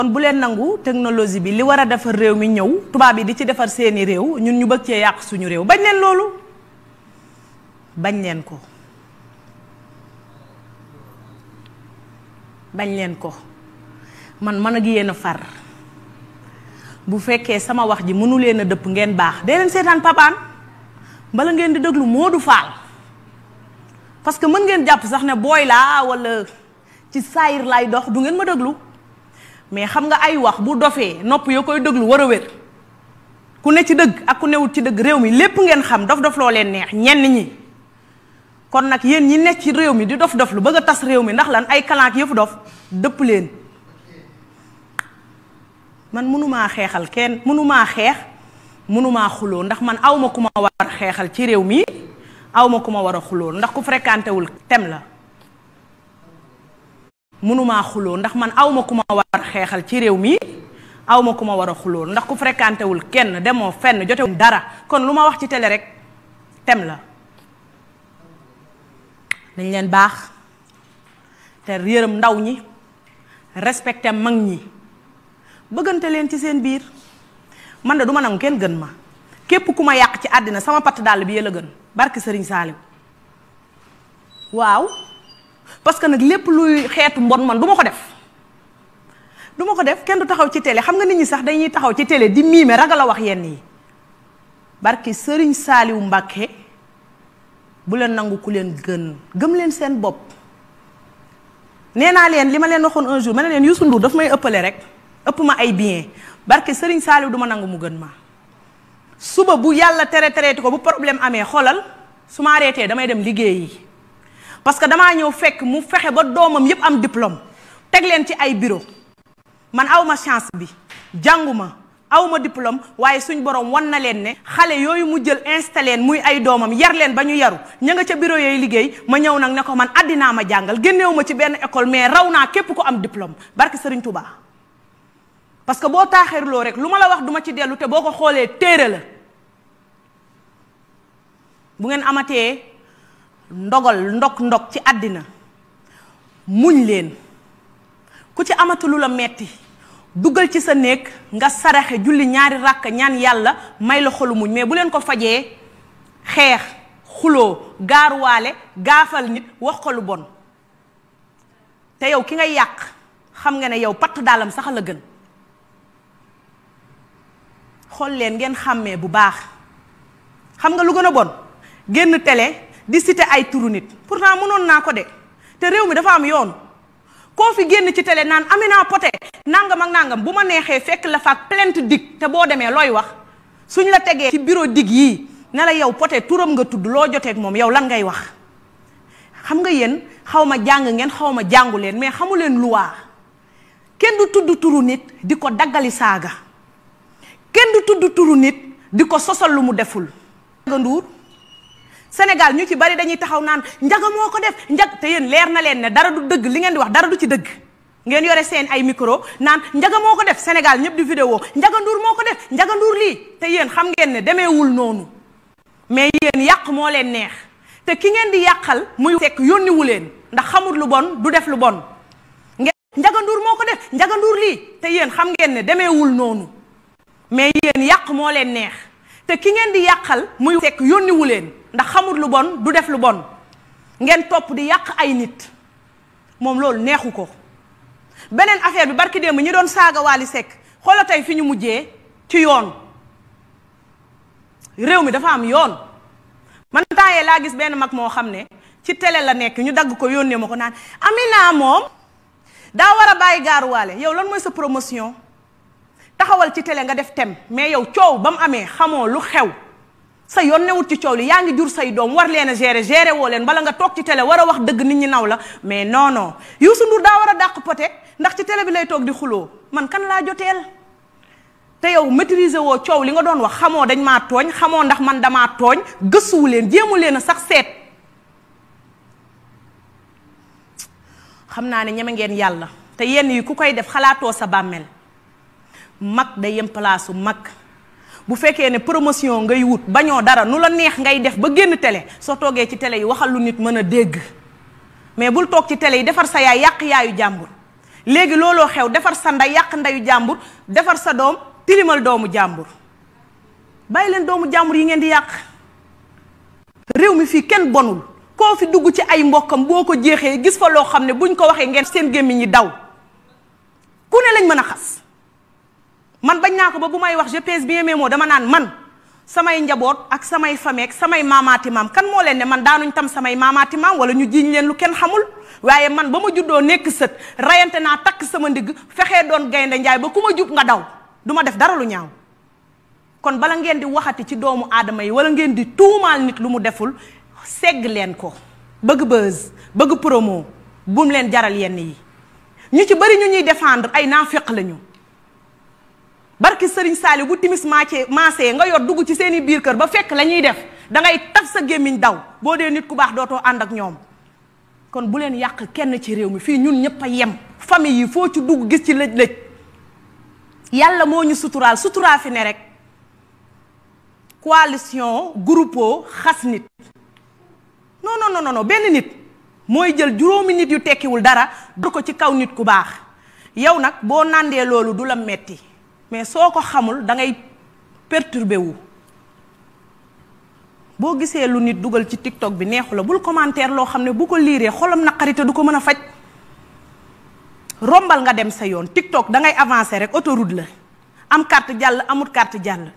kon bu leen nangu technologie bi li war a defar réew mi ñëw tubaab yi di ci defar seeni réew ñun ñu bëgg cee yàq suñu réew bañ leen loolu bañ leen ko bañ leen ko man mën ak yéen a far bu fekkee sama wax ji mënu leen a dëpp ngeen baax dee leen seetaan papaan bala ngeen di déglu Modou Fall parce que mën ngeen jàpp sax ne booy laa wala ci saayir laay dox du ngeen ma déglu mais xam nga ay wax bu dofee nopp yoo koy déglu war a wér ku ne ci dëgg ak ku newut ci dëgg réew mi lépp ngeen xam dof-dof loo leen neex ñenn ñi kon nag yéen ñi nekk ci réew mi di dof-dof lu bëgg a tas réew mi ndax lan ay kalank yëfu dof dëpp leen man mënumaa xeexal kenn mënumaa xeex mënumaa xuloo ndax man awma ku ma war a xeexal ci réew mi awma ku ma war a xuloo ndax ku fréquenté wul tem la mënumaa xuloo ndax man aw ku ma war a xeexal ci réew mi awma ku ma war a xuloo ndax ku fréquenté wul kenn demoo fenn jotewul dara kon lu ma wax ci télé rek tem la dañ leen baax te yërëm ndaw ñi respecté mag ñi bëggante leen ci seen biir man de duma ma nangu kenn gën ma képp ku ma yàq ci àddina sama patt dàll bi yëla gën barki sëriñ Saaliw waaw parce que nag lépp luy xeetu mbon man du ma ko def du ma ko def kenn du taxaw ci télé xam nga nit ñi sax dañuy taxaw ci télé di miime ragal la wax yenn yi barki sëriñ saaliwu mbàkke bu leen nangu ku leen gën gëm leen seen bopp nee naa leen li ma leen waxoon un jour ma ne leen yu Ndour daf may ëppale rek ëpp ma ay bien barki sëriñ saaliwu du ma nangu mu gën ma suba bu yàlla tere tereeti ko bu problème amee xoolal su ma arrêté damay dem liggéeyi parce que damaa ñëw fekk mu fexe ba doomam yépp am diplôme teg leen ci ay bureau man awma chance bi jànguma awma diplôme waaye suñ borom wan na leen ne xale yooyu mu jël installé leen muy ay doomam yar leen ba ñu yaru ña ca bureau yooyu liggéey ma ñëw nag ne ko man àddinaa ma jàngal génnewu ma ci benn école mais raw naa képp ku am diplôme barki Sëriñ Tuubaa parce que boo taaxirloo rek lu ma la wax duma ci dellu te boo ko xoolee téere la bu ngeen amatee ndogal ndog ndog ci àddina muñ leen ku ci amatulu la metti duggal ci sa néeg nga saraxe julli ñaari ràkk ñaan yàlla may la xolu muñ mais bu leen ko fajee xeex xuloo gaaruwaale gaafal nit wax ko lu bon te yow ki ngay yàq xam nga ne yow patt daalam sax la gën xool leen ngeen xàmmee bu baax xam nga lu gën a bon génn télé di cité ay turu nit naa mënoon naa ko de te réew mi dafa am yoon koo fi génn ci télé naan Amina Poté nangam ak nangam bu ma neexee fekk la faak plainte dig te boo demee looy wax suñ la tegee ci bureau dig yii ne la yow Poté turam nga tudd loo joteeg moom yow lan ngay wax xam nga yéen xaw ma jàng ngeen xaw ma jàngu leen mais xamu leen loi kenn du tudd turu nit di ko daggali saaga kenn du tudd turu nit di ko sosal lu mu deful. Nduur Sénégal ñu ci bari dañuy taxaw naan njaga moo ko def njag te yéen leer na leen ne dara du dëgg li ngeen di wax dara du ci dëgg ngeen yore seen ay micro naan njaga moo ko def Sénégal ñëpp di vidéo njaga nduur moo ko def njaga nduur lii te yéen xam ngeen ne demeewul noonu mais yéen yàq moo leen neex te ki ngeen di yàqal muy sekk yónniwu leen ndax xamut lu bon du def lu bon ngeen moo ko def njaga nduur te yéen xam ngeen ne demeewul noonu mais yéen yàq moo leen neex te ki ngeen di yàqal muy sekk yónniwu leen ndax xamut lu bon du def lu bon ngeen topp di yàq ay nit moom loolu neexu ko beneen affaire bi barki démb ñu doon saaga Wally sekk xoola tey fi ñu mujjee ci yoon réew mi dafa am yoon man temps laa gis benn mag moo xam ne ci tele la nekk ñu dagg ko yónnee ma ko naan Amina moom daa war a bàyyi gaaruwaale yow lan mooy sa promotion taxawal ci télé nga def tem mais yow coow ba mu amee xamoo lu xew sa yoon newut ci coow li yaa ngi jur say doom war leen a gérer gérer woo leen bala nga toog ci télé war a wax dëgg nit ñi naw la mais noonoo non Youssou Ndour daa war a dàq pote ndax ci télé bi lay toog di xuloo man kan laa joteel te yow maîtriser woo coow li nga doon wax xamoo dañ maa tooñ xamoo ndax man damaa tooñ gëstuwu leen jéemu leen a sax seet xam naa ne ñeme ngeen yàlla te yenn yi ku koy def xalaatoo sa bàmmeel mag da yem palaasu mag bu fekkee ne promotion ngay wut bañoo dara nu la neex ngay def ba génn tele soo toogee ci tele yi waxal lu nit mën a dégg mais bul toog ci tele yi defar sa yaay yàq yaayu jàmbur léegi looloo xew defar sa nday yàq ndayu jàmbur defar sa doom tilimal doomu jàmbur bàyyi leen doomu jàmbur yi ngeen di yàq réew mi fii kenn bonul koo fi dugg ci ay mbokkam boo ko jeexee gis fa loo xam ne buñ ko waxee ngeen seen gémmiñ yi daw ku ne lañ mën a xas man bañ naa ko ba bu may wax je bi bien moo dama naan man samay njaboot ak samay fameek samay maamaati maam kan moo leen ne man daanuñ tam samay maamaati maam wala ñu jiiñ leen lu kenn xamul waaye man ba ma juddoo nekk sët reyante naa takk sama ndigg fexee doon gaynde njaay ba ku ma jub nga daw du ma def dara lu ñaaw kon bala ngeen di waxati ci doomu aadama yi wala ngeen di tuumaal nit lu mu deful segg leen ko bëgg buzz bëgg promo bum leen jaral yenn yi ñu ci bëri ñu ñuy défendre ay naafiq lañu barki sëriñ Saali bu timis maacee maasee nga yor dugg ci seeni i biir kër ba fekk la ñuy def da ngay sa gémmiñ daw boo dee nit ku baax dootoo ànd ak ñoom kon bu leen yàq kenn ci réew mi fii ñun ñëpp a yem famille yi foo ci dugg gis ci lëj-lëj yàlla moo ñu suturaal suturaa fi ne rek coalition groupe xas nit non non benn nit mooy jël juróomi nit yu tekkiwul dara du ko ci kaw nit ku baax yow nag boo nàndee loolu du la metti mais soo ko xamul da ngay perturbé wu boo gisee lu nit dugal ci TikTok bi neexu la bul commentaire loo xam ne bu ko liiree xolam naqari te du ko mën a faj rombal nga dem sa yoon TikTok dangay ngay avancé rek autoroute la am carte jàll amut carte jàll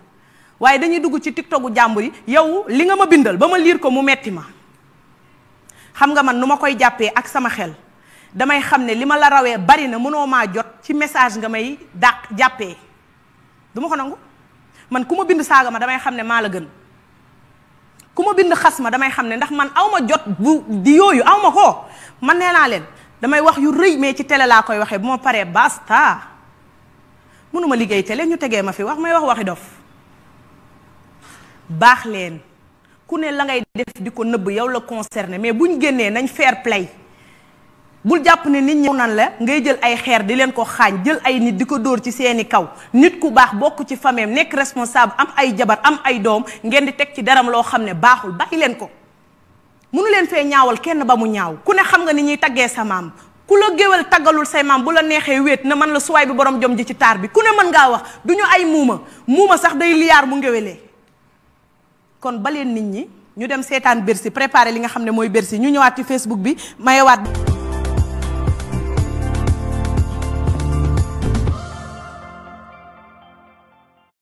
waaye dañuy dugg ci TikToku jàmbur yi yow li nga ma bindal ba ma liir ko mu metti ma xam nga man nu ma koy jàppee ak sama xel damay xam ne li ma la rawee bari na mënoo maa jot ci message nga may dàq jàppee duma ko nangu man ku ma bind saaga ma damay xam ne maa la gën ku ma bind xas ma damay xam ne ndax man aw ma jot bu di yooyu aw ko man nee naa leen damay wax yu rëy mais ci tele laa koy waxee bu ma paree basta mënuma liggéey télé ñu tegee ma fi wax may wax waxi dof baax leen ku ne la ngay def di ko nëbb yow la concerné mais bu buñ génnee nañ fair play bul jàpp ne nit ñi nan la ngay jël ay xeer di leen ko xaañ jël ay nit di ko dóor ci seeni kaw nit ku baax bokk ci fameem nekk responsable am ay jabar am ay doom ngeen di teg ci daram loo xam ne baaxul bàyyi leen ko mënu leen fee ñaawal kenn ba mu ñaaw ku ne xam nga ni ñuy taggee sa maam ku la géwél taggalul say maam bu la neexee wéet na man la suwaay bi borom jom ji ci taar bi ku ne mën ngaa wax du ñu ay muuma muuma sax day liyaar mu ngéwelee kon baleen nit ñi ñu dem seetaan Bercy préparé li nga xam ne mooy Bercy ñu ñëwaat ci Facebook bi mayewaat